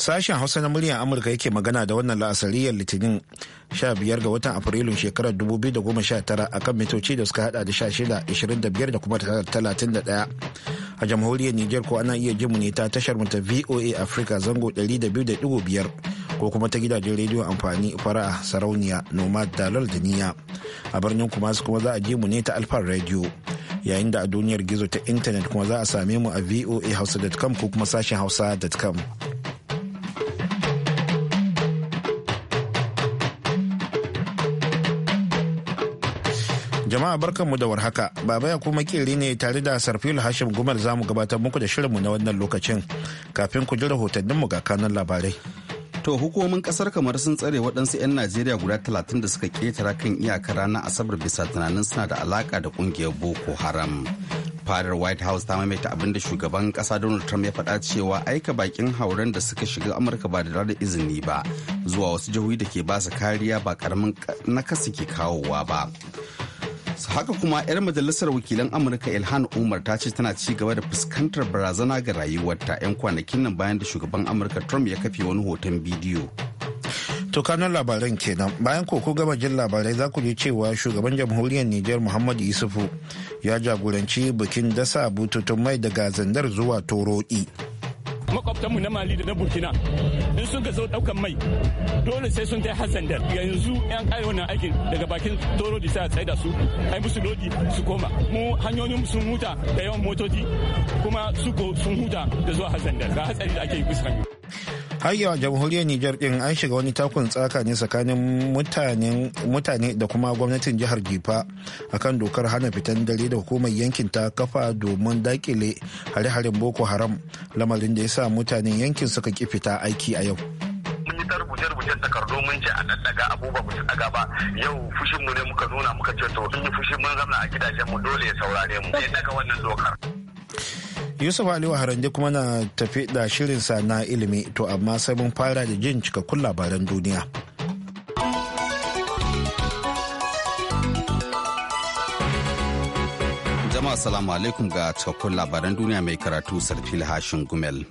Sashen Hausa na muryar Amurka yake magana da wannan la'asariyar Litinin 15 ga watan Afrilun shekarar 2019 akan mitoci da suka hada da 16, 25 da kuma 31. A jamhuriyar niger ko ana iya jimu ne ta tashar mu ta VOA Africa zango 200.5 ko kuma ta gidajen rediyon amfani fara'a sarauniya nomad dalal da niya. A birnin kuma kuma za a jimu ne ta alfar radio. Yayin da a duniyar gizo ta intanet kuma za a same mu a voa hausa.com ko kuma sashen hausa.com. Jama'a barkan mu da warhaka, Baba ya kuma kiri ne tare da Sarfil Hashim gumar za mu gabatar muku da shirinmu na wannan lokacin kafin ku ji mu ga kanun labarai. To hukumomin kasar kamar sun tsare waɗansu 'yan Najeriya guda talatin da suka ketara kan iyaka rana Asabar bisa tunanin suna da alaka da kungiyar Boko Haram. Fadar White House ta maimaita abin da shugaban kasa Donald Trump ya faɗa cewa aika bakin hauren da suka shiga Amurka ba da da izini ba zuwa wasu jihohi da ke ba su kariya ba karamin kasa ke kawowa ba. haka kuma 'yar majalisar wakilan amurka ilhan umar ta ce tana ci gaba da fuskantar barazana ga rayuwarta 'yan kwanakin nan bayan da shugaban amurka trump ya kafe wani hoton bidiyo to kanan labaran kenan bayan koko gama jin labarai za ku ji cewa shugaban jamhuriyar niger muhammadu isufu ya jagoranci bikin dasa bututun mai daga zandar zuwa torodi. makwabtanmu na mali da na burkina in sun ka zo daukan mai dole sai sun kai hassan da yanzu yan kare wannan aikin daga bakin toro da sai da su ai musu lodi su koma mu hanyoyin sun huta da yawan motoci kuma su sun huta da zuwa hassan da ga hatsari da ake yi kusa har yawa jamhuriyar nijar din an shiga wani takun tsaka ne tsakanin mutane da kuma gwamnatin jihar jifa akan dokar hana fitan dare da hukumar yankin ta kafa domin dakile hare-haren boko haram lamarin da ya sa mutanen yankin suka ki fita aiki a yau ta rubuce-rubucen takardu mun ce a daddaga abubuwa ba su daga ba yau fushin mu ne muka nuna muka ce to in yi fushin mun zama a gidajen mu dole ya saurare mu ne daga wannan dokar. Yusuf Ali Waharande kuma na tafi da shirinsa na ilimi to amma sai mun fara da jin cikakkun labaran duniya. Jama'a salamu alaikum ga cikakkun labaran duniya mai karatu Sarfil Hashin Gumel.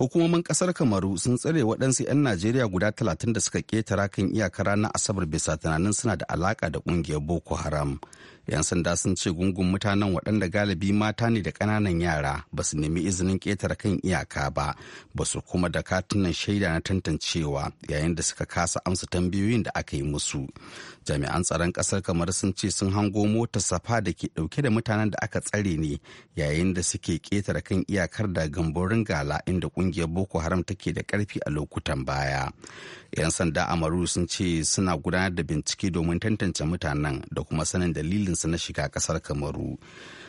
Hukumomin kasar Kamaru sun tsare waɗansu 'yan Najeriya guda talatin da suka ketara kan iyakar ranar Asabar bisa tunanin suna da alaka da ƙungiyar Boko Haram. 'Yan sanda sun ce gungun mutanen waɗanda galibi mata ne da ƙananan yara ba su nemi izinin ƙetare kan iyaka ba, ba su kuma da katunan shaida na tantancewa yayin da suka kasa amsa tambayoyin da aka yi musu. Jami'an tsaron ƙasar kamar sun ce sun hango motar safa da ke ɗauke da mutanen da aka tsare ne yayin da suke ƙetare kan iyakar da gamborin gala inda ƙungiyar Boko Haram take da ƙarfi a lokutan baya. 'Yan sanda amaru sun ce suna gudanar da bincike domin tantance mutanen da kuma sanin dalilin su na shiga kasar kamaru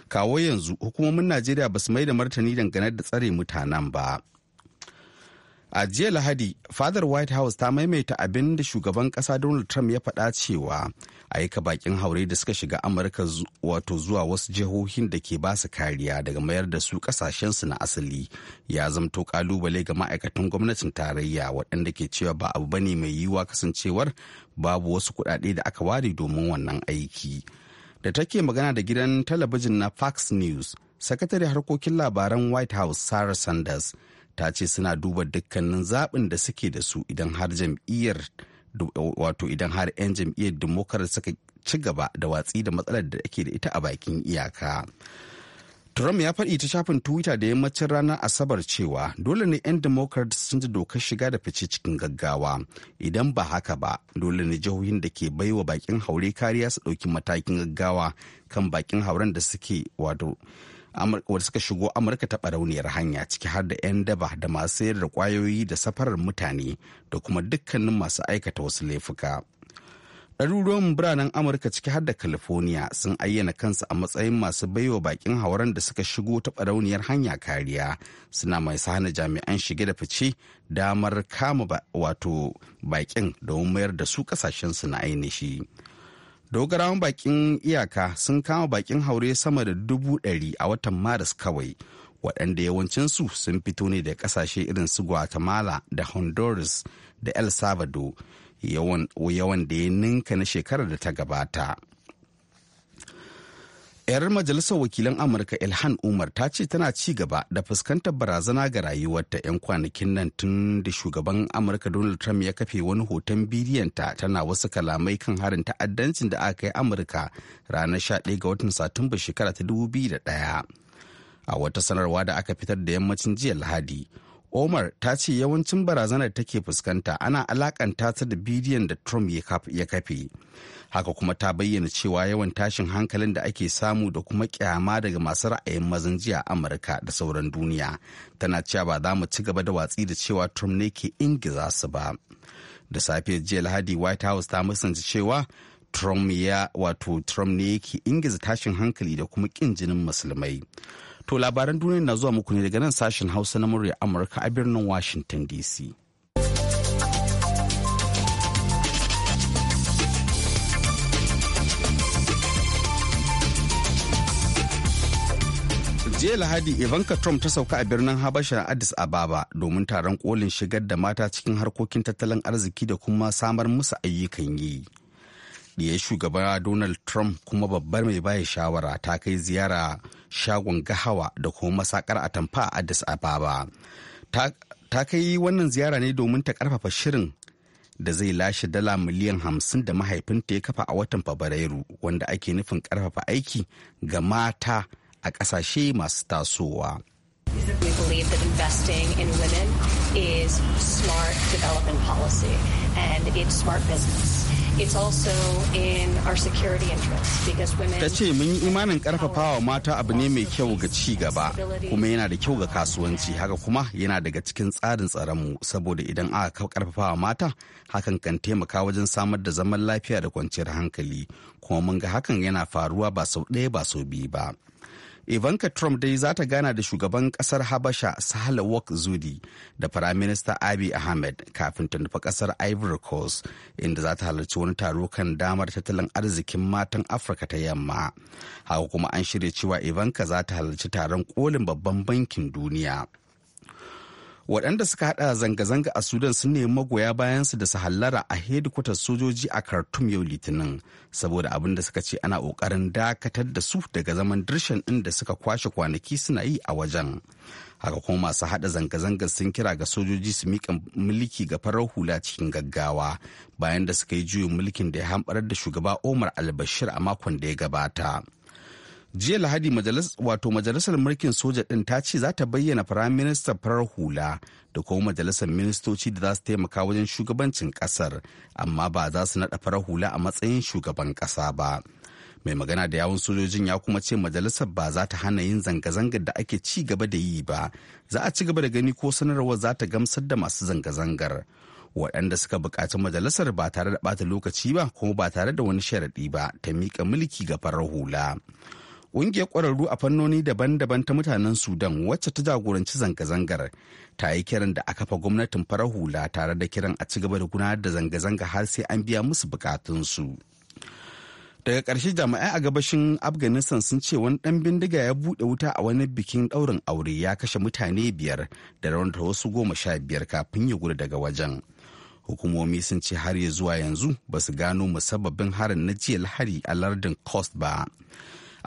kawo yanzu hukumomin najeriya basu mai da martani dangane da tsare mutanen ba a jiya lahadi fadar white house ta maimaita abin da shugaban kasa donald trump ya faɗa cewa a aika bakin haure da suka shiga amurka wato zuwa wasu jihohin da ke ba su kariya daga mayar da su kasashensu na asali ya zamto kalubale ga ma'aikatan gwamnatin tarayya waɗanda ke cewa ba abu bane mai yiwuwa kasancewar babu wasu kuɗaɗe da aka ware domin wannan aiki. da take magana da gidan talabijin na fox news sakatare harkokin labaran white house sarah sanders ta ce suna duba dukkanin zaɓin da suke da su idan har jam'iyyar wato idan har 'yan jam'iyyar democrat suka ci gaba da watsi da matsalar da ake da ita a bakin iyaka Trump ya faɗi ta shafin Twitter da yammacin ranar Asabar cewa dole ne 'yan Democrats sun ji dokar shiga da fice cikin gaggawa. Idan ba haka ba, dole ne jihohin da ke baiwa bakin haure kariya su ɗauki matakin gaggawa kan bakin hauren da suke wato wadda suka shigo Amurka ta barauniyar hanya ciki har da 'yan daba da masu sayar da kwayoyi da safarar mutane da kuma dukkanin masu aikata wasu laifuka. ɗaruruwan biranen amurka ciki har da california sun ayyana kansu a matsayin masu baiwa bakin hauren da suka shigo ta ɓarauniyar hanya kariya suna mai hana jami'an shige da fice damar kama wato bakin domin mayar da su kasashensu na ainihi dogarawan bakin iyaka sun kama bakin haure sama da dubu ɗari a watan maris kawai waɗanda yawancinsu sun fito ne da ƙasashe irin su guatemala da honduras da el salvador yawan da ya ninka na shekarar da ta gabata. 'yar majalisar wakilan amurka ilhan umar ta ce tana ci gaba da fuskantar barazana ga rayuwarta 'yan kwanakin nan tun da shugaban amurka donald trump ya kafe wani hoton bidiyonta tana wasu kalamai kan harin ta'addancin da aka yi amurka ranar 11 ga watan satumba shekara ta 2001 a wata sanarwa da aka fitar da yammacin jiya lahadi Omar ta ce yawancin barazanar take fuskanta ana alakanta ta da bidiyon da Trump ya kafe. Haka kuma ta bayyana cewa yawan tashin hankalin da ake samu da kuma kyama daga masu ra'ayin mazan jiya Amurka da sauran duniya. Tana cewa ba za mu ci gaba da watsi da cewa Trump ne ke ingiza su ba. Da safe jiya Lahadi White House ta musanta cewa Trump ya wato Trump ne yake ingiza tashin hankali da kuma kin jinin musulmai. To labaran duniya na zuwa muku ne daga nan sashen Hausa na murya Amurka a birnin Washington DC. jiya lahadi ivanka trump ta sauka a birnin habasha addis ababa domin taron kolin shigar da mata cikin harkokin tattalin arziki da kuma samar musu ayyukan yi ya shugaba donald trump kuma babbar mai baya shawara ta kai ziyara shagon gahawa da kuma masakar atamfa a addis ababa ta kai wannan ziyara ne domin ta karfafa shirin da zai lashe dala miliyan hamsin da mahaifinta ya kafa a watan fabrairu wanda ake nufin karfafa aiki ga mata a kasashe masu tasowa. We believe in women is smart development policy and it's smart business. Ta ce mun yi imanin karfafawa mata abu ne mai kyau ga ci gaba kuma yana da kyau ga kasuwanci haka kuma yana daga cikin tsarin tsaronmu saboda idan aka karfafawa mata hakan kan taimaka wajen samar da zaman lafiya da kwanciyar hankali kuma mun ga hakan yana faruwa ba sau ɗaya ba sau biyu ba. Ivanka Trump dai za ta gana da shugaban kasar Habasha sahala wok Zudi da Firaminista Abiy Ahmed kafin ta nufa kasar Ivory Coast inda za ta halarci wani taro kan damar tattalin arzikin matan Afirka ta yamma. Haka kuma an shirya cewa Ivanka za ta halarci taron kolin babban bankin duniya. waɗanda suka haɗa zanga-zanga a sudan sun nemi magoya bayansu da su hallara a hedikwatar sojoji a khartoum yau litinin saboda abin da suka ce ana ƙoƙarin dakatar da su daga zaman dirshan ɗin da suka kwashe kwanaki suna yi a wajen haka kuma masu haɗa zanga-zangar sun kira ga sojoji su miƙa mulki ga farar hula cikin gaggawa bayan da suka yi juyin mulkin da ya hamɓarar da shugaba omar albashir a makon da ya gabata jiya lahadi wato majalisar mulkin soja din ta ce za ta bayyana firaminista farar hula da kuma majalisar ministoci da za su taimaka wajen shugabancin kasar amma ba za su naɗa farar hula a matsayin shugaban ƙasa ba mai magana da yawun sojojin ya kuma ce majalisar ba za ta hana yin zanga-zangar da ake ci gaba da yi ba za a ci gaba da gani ko sanarwar za ta gamsar da masu zanga-zangar waɗanda suka buƙaci majalisar ba tare da ɓata lokaci ba kuma ba tare da wani sharaɗi ba ta miƙa mulki ga farar hula Ƙungiyar ƙwararru a fannoni daban-daban ta mutanen Sudan wacce ta jagoranci zanga-zangar ta yi kiran da aka fa gwamnatin farar hula tare da kiran a ci gaba da gudanar da zanga-zanga har sai an biya musu bukatunsu. Daga ƙarshe jami'ai a gabashin Afghanistan sun ce wani ɗan bindiga ya buɗe wuta a wani bikin ɗaurin aure ya kashe mutane biyar da raunta wasu goma sha biyar kafin ya gudu daga wajen. hukumomi sun ce har ya zuwa yanzu ba su gano musabbabin harin na jiya lahari a lardin coast ba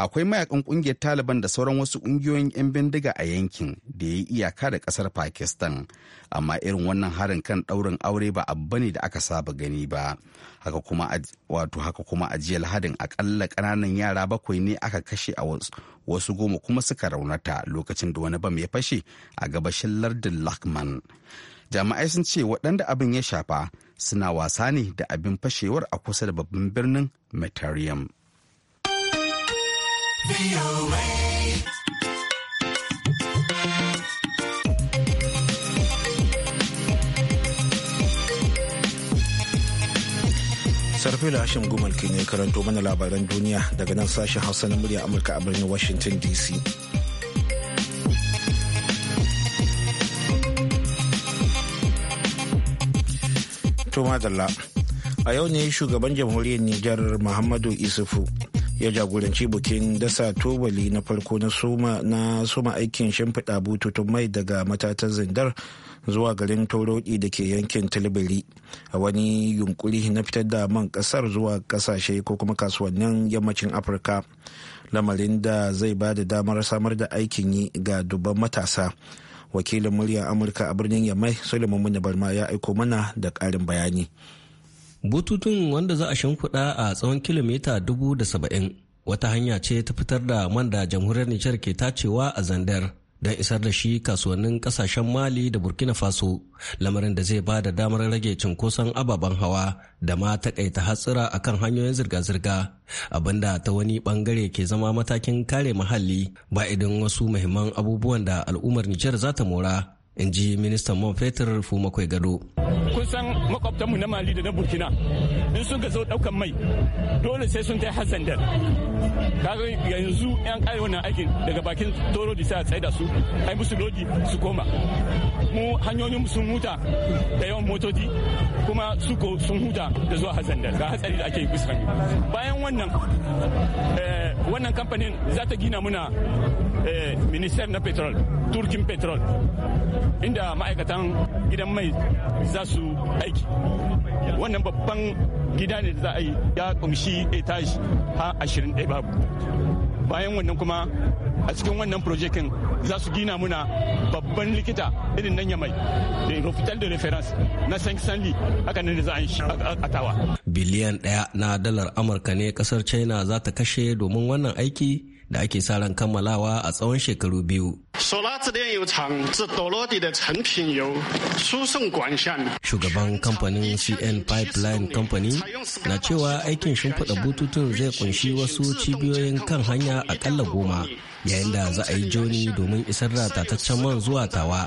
akwai mayakan kungiyar taliban da sauran wasu kungiyoyin 'yan bindiga a yankin da ya yi iyaka da kasar pakistan amma irin wannan harin kan daurin aure ba abu ne da aka saba gani ba haka kuma wato haka kuma a jiya lahadin akalla kananan yara bakwai ne aka kashe a wasu goma kuma suka raunata lokacin da wani bam ya fashe a gabashin lardin lakman jami'ai sun ce waɗanda abin ya shafa suna wasa ne da abin fashewar a kusa da babban birnin metarium sarfila hashim gumal ke ne karanto mana labaran duniya daga nan sashen hausa na murya amurka a birnin washington dc to madalla a yau ne shugaban jamhuriyar nijar muhammadu isufu ya jagoranci bikin dasa tubali na farko na suma na suma aikin shimfiɗa bututun mai daga matatan zindar zuwa garin torodi da ke yankin tilbiri a wani yunkuri na fitar da man ƙasar zuwa ƙasashe ko kuma kasuwannin yammacin afirka lamarin da zai ba da damar samar da aikin yi ga dubban matasa wakilin muryar amurka a birnin yamai suleiman barma ya aiko mana da ƙarin bayani bututun wanda za a shimfiɗa a tsawon kilomita dubu da saba'in wata hanya ce ta fitar da man da jamhuriyar nijar ke tacewa a zandar don isar da shi kasuwannin kasashen mali da burkina faso lamarin da zai ba da damar rage cunkoson ababen hawa da ma takaita hatsira akan hanyoyin zirga-zirga abinda ta wani bangare ke zama matakin kare muhalli ba idan wasu muhimman abubuwan da al'ummar nijar za ta mora in ji ministan mon fetur fumakwai gado kun san makwabtanmu na mali da na burkina in sun ka zo daukan mai dole sai sun kai hasandar kaga yanzu yan kare wannan aikin daga bakin toro da sai a da su ai musu lodi su koma mu hanyoyin sun huta da yawan motoci kuma su ko sun huta da zuwa hasandar ga hatsari da ake kusa bayan wannan eh, wannan kamfanin za ta gina muna eh, minister na petrol turkin petrol inda ma'aikatan gidan mai za su aiki wannan babban gida ne da za a yi ya kumshi etaji ha 21 babu bayan wannan kuma a cikin wannan projekin za su gina muna babban likita irin nan yamai da hospital de reference na san sanli haka ne za a yi atawa biliyan daya na dalar amurka ne kasar china za ta kashe domin wannan aiki da ake sa ran kammalawa a tsawon shekaru biyu. Shugaban kamfanin CN Pipeline Company na cewa aikin shimfiɗa bututun zai kunshi wasu cibiyoyin kan hanya akalla goma yayin da za a yi joni domin isar da tataccen man zuwa tawa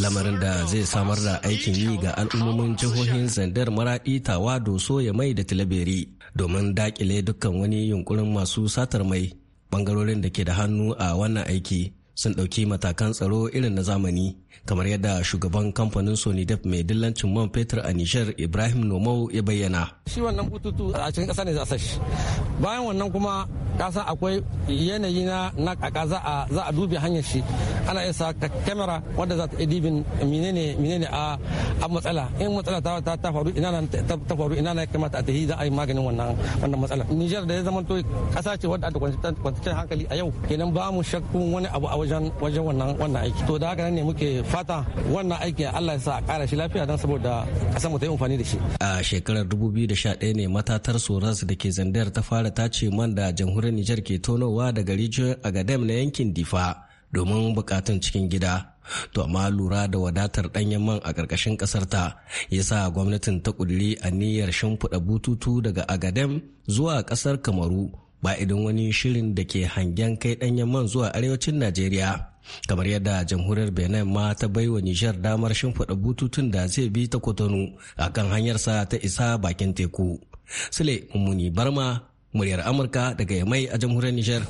lamarin da zai samar da aikin yi ga al'ummomin jihohin zandar maraɗi tawa doso ya mai da tilaberi domin dakile dukkan wani yunkurin masu satar mai bangarorin da ke da hannu a wannan aiki sun ɗauki matakan tsaro irin na zamani kamar yadda shugaban kamfanin Def mai dillancin man fetur a nijar ibrahim nomau ya bayyana shi wannan bututu a cikin ƙasa ne za a shi bayan wannan kuma kasan akwai yanayi na na kaka za a za a dubi hanyar shi ana iya sa kamera wanda za ta edibin menene menene a a matsala in matsala ta ta, ta faru ina ta, ta faru ina na kamata a tafi za a yi maganin wannan wannan matsala Nijar da ya zama to kasa ce wadda ta kwanciyar hankali a yau kenan ba mu shakkun wani abu a wajen wajen wannan wannan aiki to da haka ne muke fata wannan aikin Allah ya sa a kara shi lafiya don saboda kasar mu ta yi amfani da shi. A shekarar 2011 ne matatar Soras da ke Zandar ta fara tace man da jamhuriyar Nijar ke tonowa daga region Agadem na yankin Difa domin bukatun cikin gida. To amma lura da wadatar ɗanyen man a ƙarƙashin ƙasar ta ya sa gwamnatin ta ƙudiri niyyar shimfiɗa bututu daga Agadem zuwa ƙasar Kamaru ba idan wani shirin da ke hangen kai ɗanyen man zuwa arewacin Najeriya. kamar yadda jamhuriyar benin ma ta bai wa nijar damar shimfiɗa bututun da zai bi ta kotonu a kan hanyarsa ta isa bakin teku sule mummuni barma muryar amurka daga yamai a jamhuriyar nijar.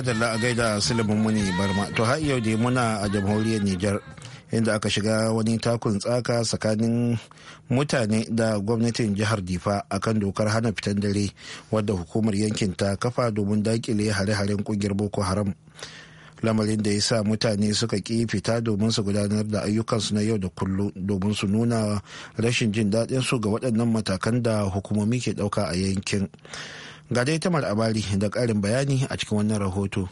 madalla a gaida silimin muni barma to har yau dai muna a jamhuriyar niger inda aka shiga wani takun tsaka tsakanin mutane da gwamnatin jihar difa akan dokar hana fitan dare wadda hukumar yankin ta kafa domin dakile hare-haren kungiyar boko haram lamarin da ya sa mutane suka ki fita domin su gudanar da ayyukansu na yau da kullum domin su nuna rashin jin daɗin su ga waɗannan matakan da hukumomi ke ɗauka a yankin Ga dai tamar abali da ƙarin bayani a cikin wannan rahoto.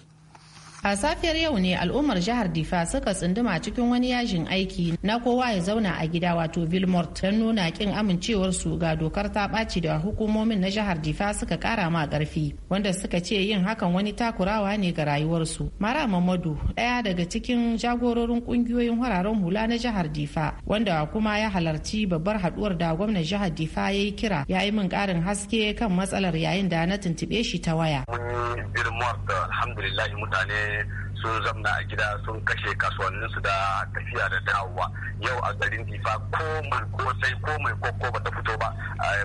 A safiyar yau ne al'ummar jihar Difa suka tsunduma cikin wani yajin aiki na kowa ya zauna a gida wato vilmort don nuna kin amincewar su ga dokar ta ɓaci da hukumomin na jihar Difa suka kara ma ƙarfi wanda suka ce yin hakan wani takurawa ne ga rayuwarsu. Mara Mamadu ɗaya daga cikin jagororin ƙungiyoyin hararen hula na jihar Difa wanda kuma ya halarci babbar haɗuwar da gwamnan jihar Difa ya yi kira ya yi min ƙarin haske kan matsalar yayin da na tuntuɓe shi ta waya. Alhamdulillah mutane Yeah. sun zamna a gida sun kashe kasuwannin su da tafiya da dawowa yau a garin difa ko mai ko sai ko mai ko ba ta fito ba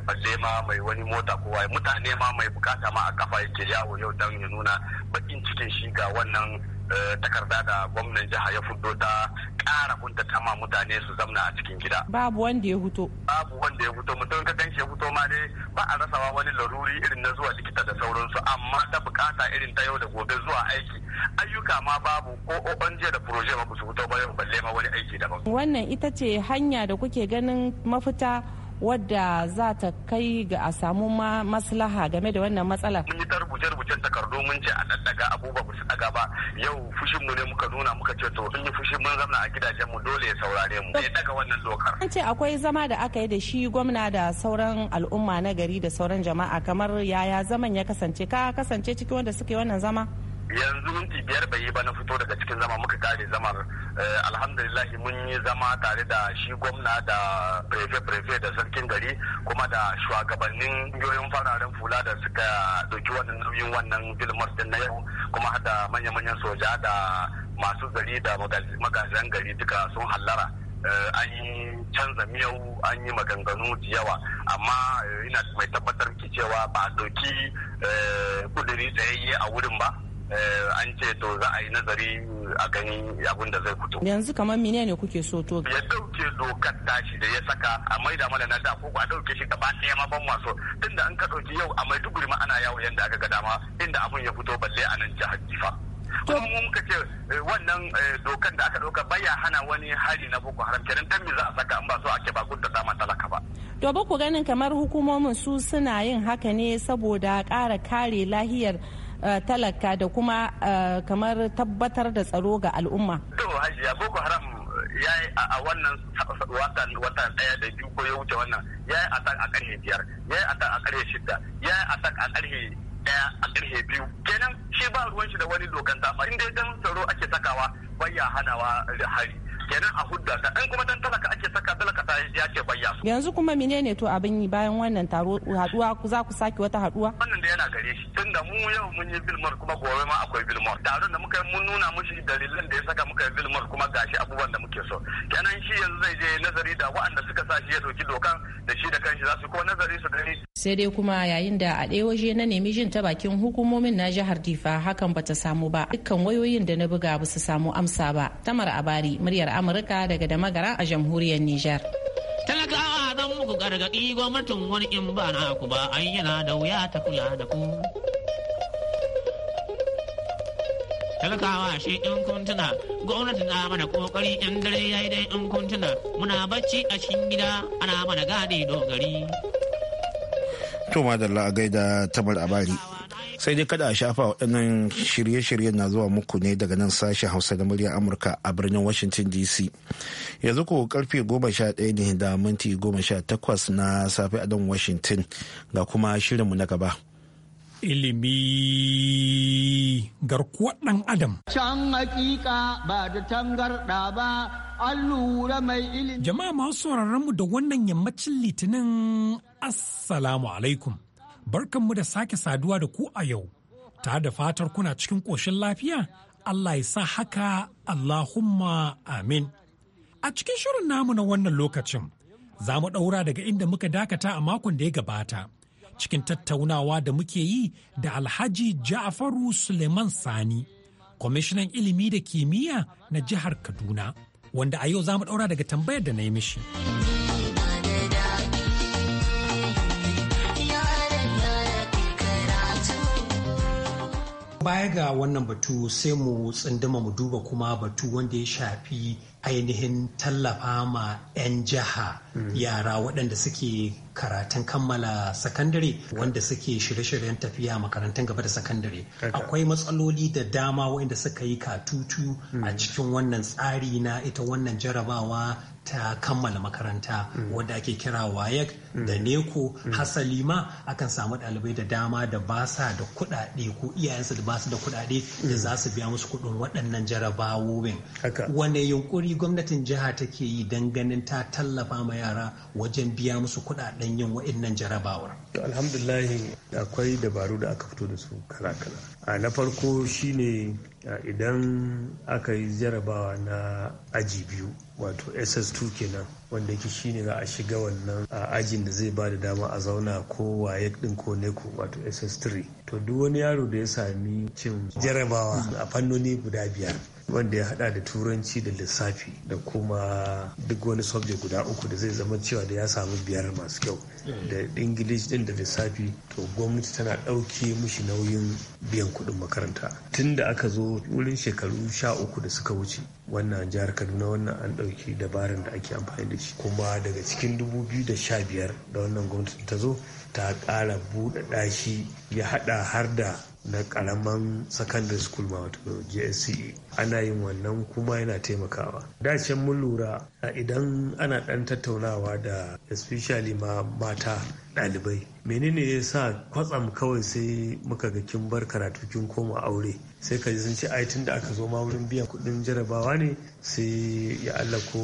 balle ma mai wani mota ko wai mutane ma mai bukata ma a kafa yake yawo yau dan ya nuna bakin cikin shi ga wannan eh, takarda da gwamnan jiha ya fito ta ƙara ta ma mutane su zamna a cikin gida. Babu wanda ya fito Babu wanda ya fito mutum ka ganshi ya fito ma dai ba a rasawa wani laruri irin na zuwa likita da sauransu amma ta bukata irin ta yau da gobe zuwa aiki ayyuka amma babu ko obanje da proje ba su fito ba balle ma wani aiki daban. Wannan ita ce hanya da kuke ganin mafita wadda za ta kai ga a samu maslaha game da wannan matsalar. Mun yi ta rubuce-rubucen takardu mun ce a ɗaɗɗaga abubuwa ba su ɗaga ba yau mu ne muka nuna muka ce to in yi fushin mun zamna a mu dole ya saurare mu ya daga wannan dokar. An ce akwai zama da aka yi da shi gwamna da sauran al'umma na gari da sauran jama'a kamar yaya zaman ya kasance ka kasance cikin wanda suke wannan zama. yanzu minti biyar bai yi ba na fito daga cikin zama muka kare zamar eh, alhamdulillah mun yi zama tare da shi gwamna da prefe-prefe da sarkin gari kuma da shugabannin yoyin fararen fula da suka ɗauki wannan nauyin wannan filmar din na yau kuma da manya-manyan soja da masu gari da magajan gari duka sun hallara eh, an yi canza miyau an yi maganganu da yawa amma eh, ina mai tabbatar ki cewa ba doki kuduri tsayayye a wurin ba Eh, an ce to za a yi nazari a gani abin da zai fito. Yanzu kamar mine ne kuke so to? Ya dauke dokar tashi da ya saka a maida mana na da ko a dauke shi gaba ɗaya ma ban maso tunda an ka dauki yau a Maiduguri ma ana yawo yanda aka ga dama inda abin ya fito balle a nan jihar Jifa. kuma mun muka ce eh, wannan eh, dokan da aka dauka baya hana wani hari na boko haram kenan dan me za a saka an ba so ake ba da dama talaka ba to ba ku ganin kamar hukumomin su suna yin haka ne saboda kara kare lahiyar Eh, talaka da kuma eh, kamar tabbatar da tsaro ga al'umma. hajiya Boko Haram eh, ya yi a wannan watan watan daya da biyu ko ya wuce wannan ya yi atak a karhe biyar ya yi atak a ƙarfe shida ya yi atak a ƙarfe daya a ƙarfe biyu kenan shi ba ruwan shi da wani dokan ba inda dan tsaro ake sakawa bai ya hanawa hari kenan a hudda ta in kuma dan talaka ake saka talaka ta ya ce bayya yanzu kuma menene to abin yi bayan wannan taro haduwa za ku sake wata haduwa wannan da yana gare shi tunda mu yau mun yi bilmar kuma gobe ma akwai bilmor taron da muka mun nuna mushi dalilan da ya saka muka bilmor kuma gashi abubuwan da muke so kenan shi yanzu zai je nazari da waɗanda suka sa shi ya soki dokan da shi da kanshi za su ko nazari su gani sai dai kuma yayin da a ɗaya waje na nemi jin ta bakin hukumomin na jihar difa hakan bata samu ba dukkan wayoyin da na buga ba su samu amsa ba tamar abari muryar amurka daga da magara a jamhuriyar nijar talakawa hadan muku gargaɗi gwamnatin wani in ba na ku ba ai da wuya ta kula da ku talakawa shi in kuntuna gwamnati na mana kokari yan dare yayi dai in kuntuna muna bacci a cikin gida ana mana gadi dogari to madalla a gaida tabar abari sai dai kada a shafa waɗannan shirye shirye na zuwa muku ne daga nan sashen hausa da muryar amurka a birnin washington dc yanzu ko karfe 11 ne da minti 18 na safe a dan washington ga kuma shirinmu na gaba. ilimi garkuwar ɗan adam. Can hakika ba da tangarɗa ba, an lura mai ilimi. Jama'a masu sauraron mu da wannan yammacin litinin Assalamu alaikum. Barkanmu da sake saduwa da ku a yau, ta da fatar kuna cikin ƙoshin lafiya, Allah ya sa haka Allahumma amin. A cikin shirin namu na wannan lokacin, za mu ɗaura daga inda muka dakata a makon da ya gabata. cikin tattaunawa da muke yi da Alhaji Ja'faru Suleiman Sani, kwamishinan ilimi da kimiyya na jihar Kaduna, wanda a yau za mu ɗaura daga tambayar da na yi mishi. Baya ga wannan batu sai mu tsindima mu duba kuma batu wanda ya shafi ainihin tallafa ma 'yan jiha mm. yara waɗanda suke karatun kammala sakandare wanda suke shirye-shiryen tafiya makarantun gaba da sakandare akwai matsaloli da dama waɗanda suka yi katutu a mm. cikin wannan tsari na ita wannan jarabawa ta kammala makaranta mm. wadda ake kira wayek da neko hasali ma akan samu ɗalibai da dama da ba sa da kuɗaɗe ko iyayensu da ba su da kuɗaɗe da za su biya musu kuɗin waɗannan jarabawowin wane yunƙuri. ƙoƙari gwamnatin jiha take yi don ganin ta tallafa ma yara wajen biya musu kuɗaɗen yin wa'innan jarabawar? Alhamdulahi akwai dabaru da aka fito da su kala-kala. A na farko shine idan aka yi jarabawa na aji biyu wato ss2 kenan wanda yake shine za a shiga wannan ajin da zai ba da dama a zauna ko waye din ko neko wato ss3 to duk wani yaro da ya sami cin jarabawa a fannoni guda biyar wanda ya hada da turanci da lissafi da kuma duk wani subject guda uku da zai zama cewa da ya samu biyar masu kyau da ingilish din da lissafi to gwamnati tana ɗauke mushi nauyin biyan kuɗin makaranta tun da aka zo wurin shekaru sha uku da suka wuce wannan jihar kaduna wannan an ɗauki dabarin da ake amfani da shi kuma daga cikin dubu biyu da sha biyar da wannan gwamnati ta zo ta ƙara buɗe ɗashi ya haɗa har da na karaman secondary school ma wato jse ana yin wannan kuma yana taimakawa dacen mun lura idan ana dan tattaunawa da especially ma mata ɗalibai menene ya sa kwatsam kawai sai muka ga kin bar karatu kin koma aure sai ka ji sun ce ai tunda aka zo ma wurin biyan kuɗin jarabawa ne sai ya Allah ko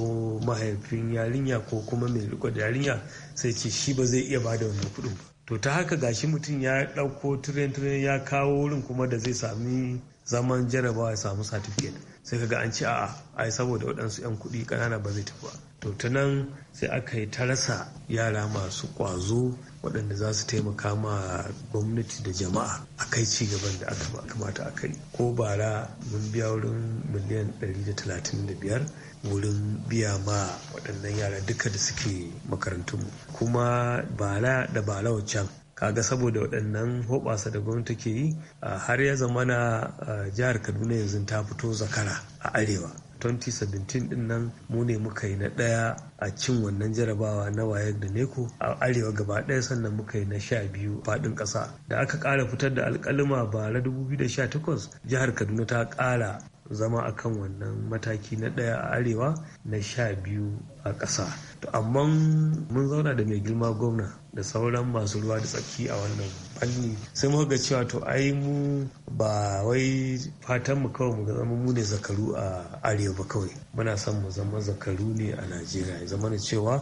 mahaifin yarinya ko kuma mai riko da yarinya sai ce shi ba zai iya bada wannan kuɗin ba to ta haka gashi mutum ya dauko turen-turen ya kawo wurin kuma da zai sami zaman jarabawa ya samu satifiket sai kaga an ci a'a ai saboda waɗansu 'yan kuɗi ƙanana ba zai tafi ba to ta nan sai aka yi ta rasa yara masu ƙwazo waɗanda za su taimaka ma gwamnati da jama'a a kai ci gaban da aka kamata a kai ko bara mun biya wurin miliyan 135 wurin biya ma waɗannan yara duka da suke makarantunmu kuma bala da bala can kaga saboda waɗannan hoɓasa da gwamnati ke yi har ya zama na jihar kaduna yanzu ta fito zakara a arewa 2017 din nan mu ne muka yi na ɗaya a cin wannan jarabawa na wayar da neko a arewa gaba ɗaya sannan muka yi na sha biyu faɗin ƙasa da aka ƙara fitar da alƙalima bara 2018 jihar kaduna ta ƙara zama a kan wannan mataki na ɗaya a arewa na sha biyu a ƙasa to amma mun zauna da mai girma gwamna da sauran masu ruwa da tsaki a wannan fanni sai muka ga cewa to ai mu ba wai fatan mu kawai mu ga zama mu ne zakaru a arewa ba kawai muna son mu zama zakaru ne a najeriya ya zama cewa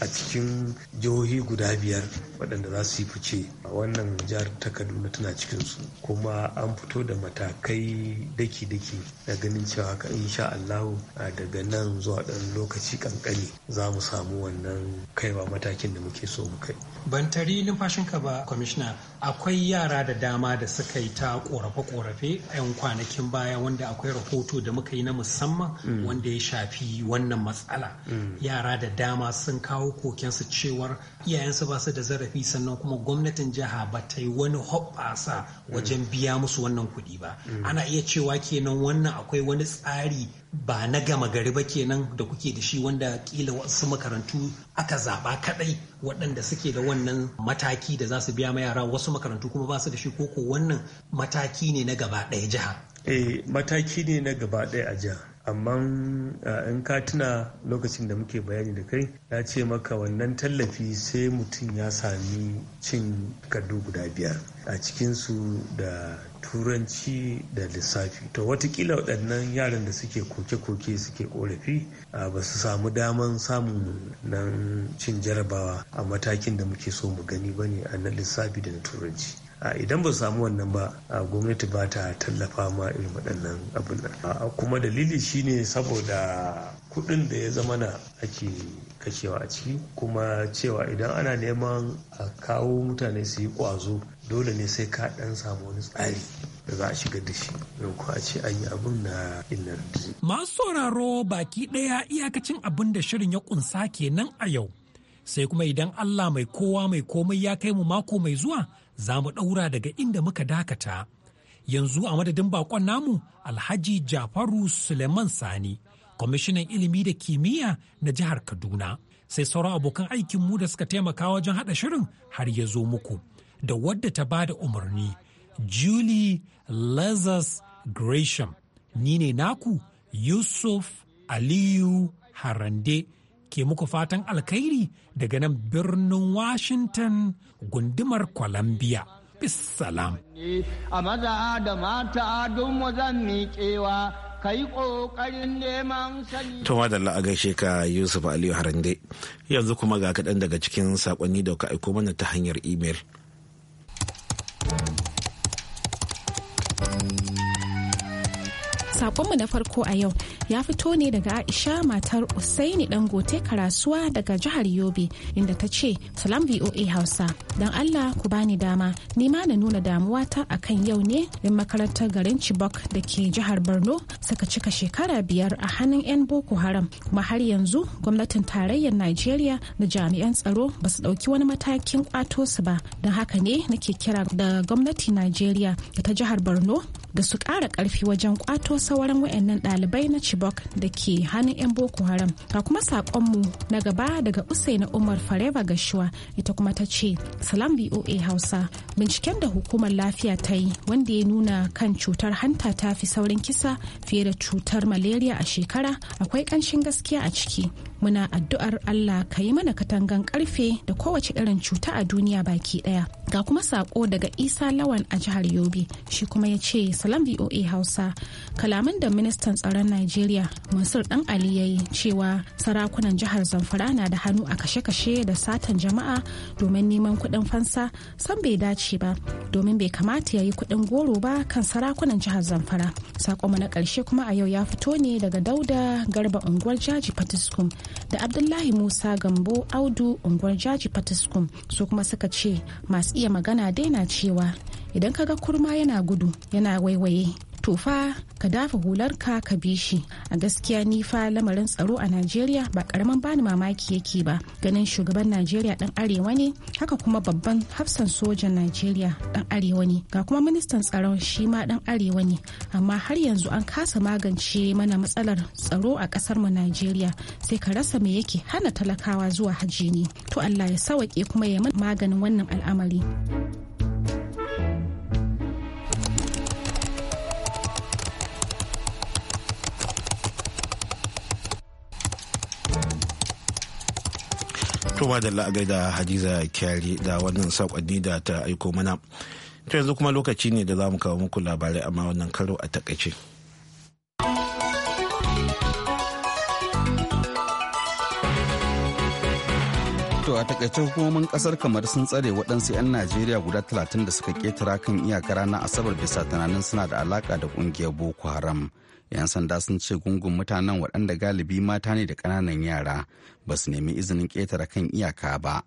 a cikin jihohi guda biyar waɗanda za su yi fice a wannan jihar ta kaduna tana cikinsu kuma an fito da matakai daki-daki na ganin cewa in sha allahu daga nan zuwa ɗan lokaci kankani za mu samu wannan kaiwa matakin da muke so mu kai ban tari ka ba kwamishina akwai yara da dama da suka yi ta korafe-korafe yan kwanakin baya wanda akwai rahoto da muka yi na musamman mm. wanda ya shafi wannan matsala mm. yara da dama sun kawo kawo kokensu cewar iyayensu ba su da zarafi sannan kuma gwamnatin jiha ba ta yi wani hoɓɓasa wajen biya musu wannan kuɗi ba ana iya cewa kenan wannan akwai wani tsari ba na gama gari ba kenan da kuke da shi wanda kila wasu makarantu aka zaba kadai waɗanda suke da wannan mataki da za su biya ma yara wasu makarantu kuma ba su da shi koko wannan mataki ne na gaba ɗaya jiha eh mataki ne na gaba ɗaya a jiha amma in ka tuna lokacin da muke bayani da kai ya ce maka wannan tallafi sai mutum ya sami cin gado guda biyar a cikinsu da turanci da lissafi to watakila waɗannan yaran da suke koke-koke suke korafi ba su samu daman samun nan cin jarabawa a matakin da muke so mu gani ne a na lissafi da na turanci idan ba su samu wannan ba a gwamnati ba ta tallafa ma irin waɗannan abin nan kuma dalili shine saboda kuɗin da ya zama na ake kashewa a ciki kuma cewa idan ana neman a kawo mutane su yi ƙwazo dole ne sai ka ɗan samu wani tsari da za a shiga da shi ko a ce an yi abin na illar Masu sauraro baki ɗaya iyakacin abin da shirin ya ƙunsa kenan a yau. Sai kuma idan Allah mai kowa mai komai ya kai mu mako mai zuwa za mu ɗaura daga inda muka dakata. Yanzu a madadin bakon namu Alhaji Jafaru Suleiman Sani kwamishinan ilimi da kimiyya na jihar kaduna sai sauran abokan aikinmu da suka taimaka wajen haɗa shirin har ya zo muku da wadda ta ba da umarni julie lazarus gresham ni ne naku yusuf aliyu harande ke muku fatan alkhairi daga nan birnin washington gundumar columbia bisalam a maza da mata don mu zan miƙewa ka yi ƙoƙarin neman sani. To madalla a gaishe Yusuf Aliyu Harande yanzu kuma ga kaɗan daga cikin saƙonni da ka aiko mana ta hanyar imel. Saƙonmu na farko a yau ya fito ne daga Aisha matar Usaini Dangote Karasuwa daga jihar Yobe inda ta ce Salam VOA Hausa don Allah ku bani dama ni ma na nuna damuwata akan yau ne in makarantar garin Chibok da ke jihar Borno suka cika shekara biyar a hannun 'yan Boko Haram kuma har yanzu gwamnatin tarayyar Najeriya da jami'an tsaro ba su ɗauki wani matakin kwato su ba don haka ne nake kira da gwamnati Najeriya da ta jihar Borno da su ƙara ƙarfi wajen kwato sauran wayannan ɗalibai na Chibok Chibok da ke hannun 'yan Boko Haram. Ga kuma saƙonmu na gaba daga na Umar Fareba Gashuwa ita kuma ta ce, Salam BOA Hausa, binciken da hukumar lafiya ta yi wanda ya nuna kan cutar hanta ta fi saurin kisa fiye da cutar malaria a shekara akwai ƙanshin gaskiya a ciki. muna addu'ar Allah ka yi mana katangan karfe da kowace irin cuta a duniya baki daya ga kuma sako daga isa lawan a jihar yobe shi kuma ya ce salam voa hausa kalaman da ministan tsaron nigeria mansur dan ali ya yi cewa sarakunan jihar zamfara na da hannu a kashe-kashe da satan jama'a domin neman kuɗin fansa san bai dace ba domin bai kamata ya yi kuɗin goro ba kan sarakunan jihar zamfara sako na ƙarshe kuma a yau ya fito ne daga dauda garba unguwar jaji patiskum da abdullahi musa gambo audu unguwar jaji patiskum su kuma suka ce masu iya magana daina cewa idan kaga kurma yana gudu yana waiwaye to ka dafa hular ka bi shi a gaskiya ni fa lamarin tsaro a najeriya ba karamin bani mamaki yake ba ganin shugaban najeriya dan arewa ne haka kuma babban hafsan sojan najeriya dan arewa ne ga kuma ministan tsaron shi ma dan arewa ne amma har yanzu an kasa magance mana matsalar tsaro a kasar mu najeriya sai ka rasa me yake hana talakawa zuwa hajji ne to allah ya sawaƙe kuma ya maganin wannan al'amari. kuma da la'agai da Hadiza Kyari da wannan saƙonni da ta aiko mana. To yanzu kuma lokaci ne da za mu kawo muku labarai amma wannan karo a takaice. To a takaice hukumomin kasar kamar sun tsare waɗansu 'yan Najeriya guda 30 da suka ketara kan iyakara na Asabar bisa tunanin suna da alaka da ƙungiyar Boko Haram. 'yan sanda sun ce gungun mutanen waɗanda galibi mata ne da ƙananan yara ba su nemi izinin ƙetare kan iyaka ba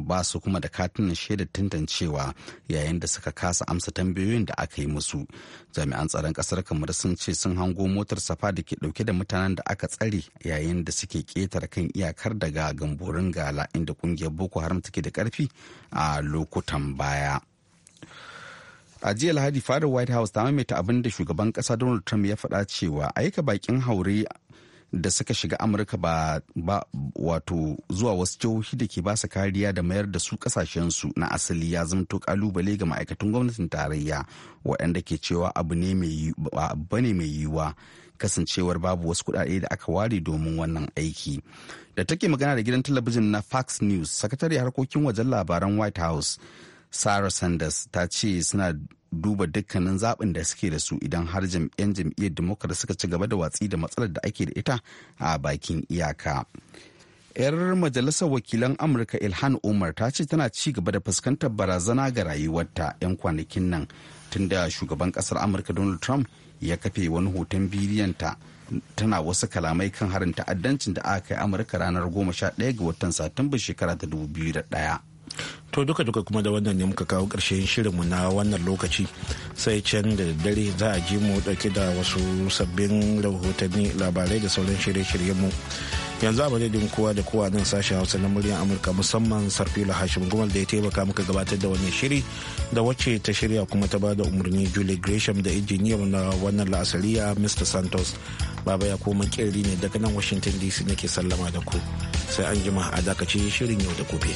ba su kuma da katunan shaidar tantancewa yayin da suka kasa amsa tambayoyin da aka yi musu jami'an tsaron kasar kamar sun ce sun hango motar safa da ke dauke da mutanen da aka tsare yayin da suke ƙetare kan iyakar daga gamborin gala inda kungiyar boko haram take da karfi a lokutan baya a jiya lahadi fadar white house ta maimaita abin da shugaban kasa donald trump ya faɗa cewa aika bakin haure da suka shiga amurka ba, wato zuwa wasu jihohi da ke basa kariya da mayar da su kasashensu na asali ya zamto kalubale ga ma'aikatan gwamnatin tarayya waɗanda ke cewa abu ne mai yiwuwa kasancewar babu wasu kuɗaɗe da aka ware domin wannan aiki da take magana da gidan talabijin na fox news sakatare harkokin wajen labaran white house Sarah Sanders ta ce suna duba dukkanin zaɓin da suke da su idan har yan jam'iyyar Democrat suka ci gaba da watsi da matsalar da ake da ita a bakin iyaka. 'Yar majalisar wakilan Amurka Ilhan umar ta ce tana ci gaba da fuskantar barazana ga rayuwarta 'yan kwanakin nan tun da shugaban ƙasar Amurka Donald Trump ya kafe wani hoton bidiyonta tana wasu kalamai kan harin ta'addancin da aka kai Amurka ranar 11 ga watan Satumba shekara ta 2001. to duka duka kuma da wannan ne muka kawo ƙarshen shirinmu na wannan lokaci sai can da daddare za a ji mu dauke da wasu sabbin rahotanni labarai da sauran shirye-shiryenmu yanzu a madadin kowa da kowa nan sashen hausa na muryar amurka musamman la hashim gumal da ya taimaka muka gabatar da wannan shiri da wacce ta shirya kuma ta ba da umarni julie gresham da injiniyar na wannan la'asariya mr santos baba ya koma ne daga nan washington dc nake sallama da ku sai an jima a dakace shirin yau da gobe.